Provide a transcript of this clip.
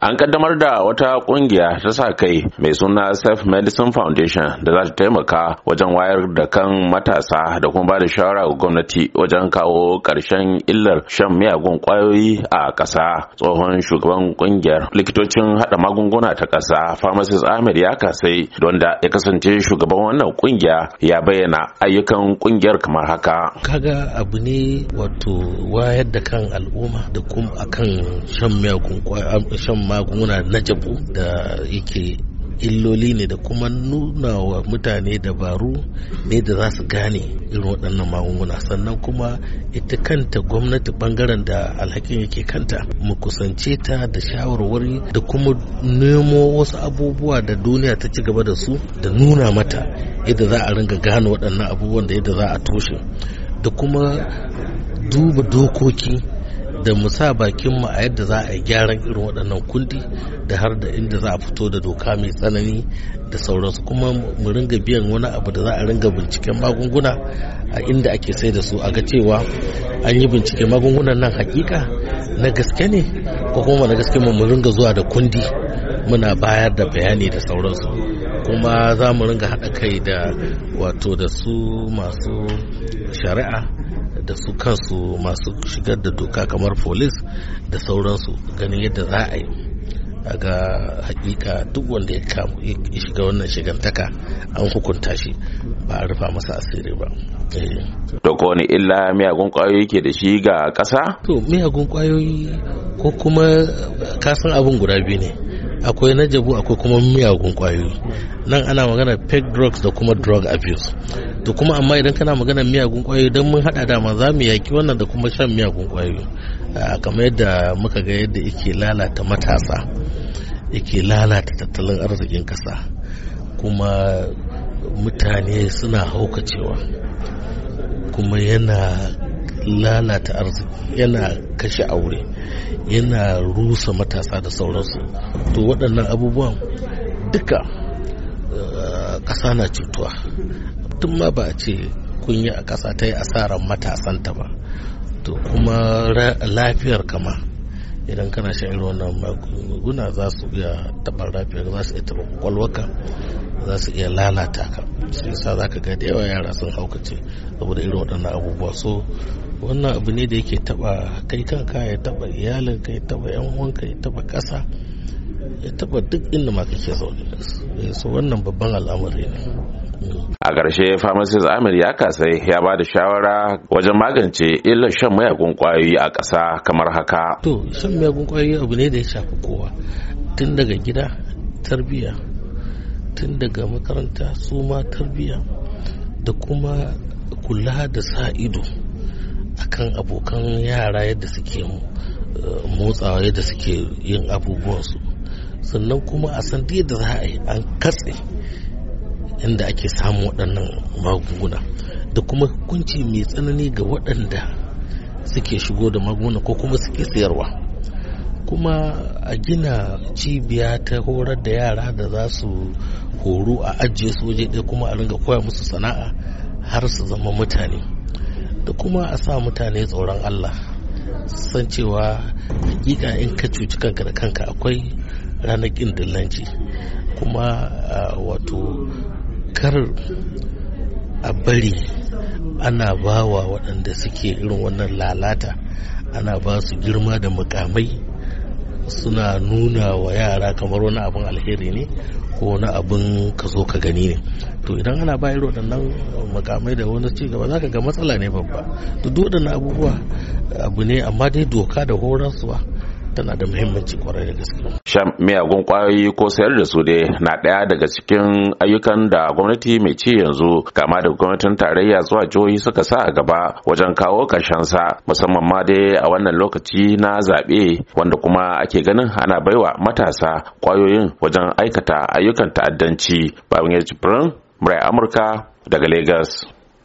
An kaddamar da wata kungiya ta sa kai mai suna Self Medicine Foundation da za ta taimaka wajen wayar da kan matasa da kuma ba da shawara ga gwamnati wajen kawo ƙarshen illar shan miyagun ƙwayoyi a ƙasa. Tsohon shugaban kungiyar likitocin haɗa magunguna ta ƙasa Pharmacist Ahmed ya kasai don da ya kasance shugaban wannan kungiya ya bayyana ayyukan kungiyar kamar haka. Kaga abu ne wato wayar da kan al'umma da kuma akan shan miyagun shan magunguna na jabu da yake illoli ne da kuma nuna wa mutane dabaru ne da za su gane irin waɗannan magunguna sannan kuma ita kanta gwamnati bangaren da alhakin yake kanta mu kusance ta da shawarwari da kuma nemo wasu abubuwa da duniya ta ci gaba da su da nuna mata yadda za a ringa gane waɗannan abubuwan da yadda za a toshe da kuma duba dokoki da mu sa bakinmu a yadda za a yi gyaran irin waɗannan kundi da har da inda za a fito da doka mai tsanani da sauransu kuma mu ringa biyan wani abu da za a ringa binciken magunguna a inda ake sai da su a ga cewa an yi bincike magungunan nan hakika na gaske ne ko kuma na gaske mu ringa zuwa da kundi muna bayar da bayani da sauransu kuma za mu ringa haɗa kai da wato da su masu shari'a da su kansu masu shigar da doka kamar polis da sauransu ganin yadda za a yi ga hakika duk wanda ya kamu ya shiga wannan shigantaka an hukunta shi ba a rufa masa asiri ba da eh. ko wani illa miyagun kwayoyi ke da shi ga ƙasa? to miyagun kwayoyi ko kuma kasan abin guda biyu ne akwai na jabu akwai kuma miyagun kwayoyi nan ana magana peg drugs da kuma drug abuse to kuma amma idan kana magana miyagun kwayoyi don mun hada dama za mu yaki wannan da kuma shan miyagun kwayoyi kamar yadda muka ga yadda yake lalata matasa yake lalata tattalin arzikin kasa kuma mutane suna haukacewa kuma yana lalata arziki yana kashe aure yana rusa matasa da sauransu to waɗannan abubuwan duka eh, ƙasa na cutuwa tun ma ba a ce kunya a ƙasa ta yi asarar matasanta ba to kuma lafiyar kama idan kana shan irin wannan magunguna za su iya taɓa lafiyar za su iya taɓa kwakwalwaka za su iya lalata ka sai sa za ka ga da yawa yara sun haukace saboda irin waɗannan abubuwa so wannan abu ne da yake taba kai kanka ya taba iyalinka ya taba yan ka ya taba ƙasa ya taba duk inda ma kake zaune eh, so wannan babban al'amari ne a ƙarshe pharmacist amir ya kasai ya ba da shawara wajen magance illar shan mayagun kwayoyi a ƙasa kamar haka to shan mayagun kwayoyi abu ne da ya shafi kowa tun daga gida tarbiyya tun daga makaranta su ma tarbiyya da kuma kula da sa ido akan abokan yara yadda suke eh, motsawa yadda suke yin abubuwansu sannan kuma a san da za a yi an katse inda ake samun waɗannan magunguna da kuma hukunci mai tsanani ga waɗanda suke shigo da magunguna ko kuma suke sayarwa. kuma a gina cibiya ta horar da yara da za su horo a ajiye su waje ɗaya kuma a ringa koya musu sana'a har su zama mutane da kuma a sa mutane tsoron Allah san cewa hakika in ka cuci kanka da kanka akwai ranar ƙin dillanci kuma wato kar a bari ana bawa waɗanda suke irin wannan lalata ana ba su girma da mukamai suna nuna wa yara kamar wani abin alheri ne ko wani abin ka zo ka gani ne to idan ana bayar waɗannan makamai da wani ci gaba zaka ga matsala ne babba to duk waɗannan abubuwa abu ne amma dai doka da horaswa tana da muhimmanci kwarai da gaske shan miyagun kwayoyi ko sayar da su dai na ɗaya daga cikin ayyukan da gwamnati mai ci yanzu kama da gwamnatin tarayya zuwa jihohi suka sa a gaba wajen kawo sa musamman ma dai a wannan lokaci na zaɓe wanda kuma ake ganin ana baiwa matasa kwayoyin wajen aikata ayyukan ta'addanci babin ya murai amurka daga lagos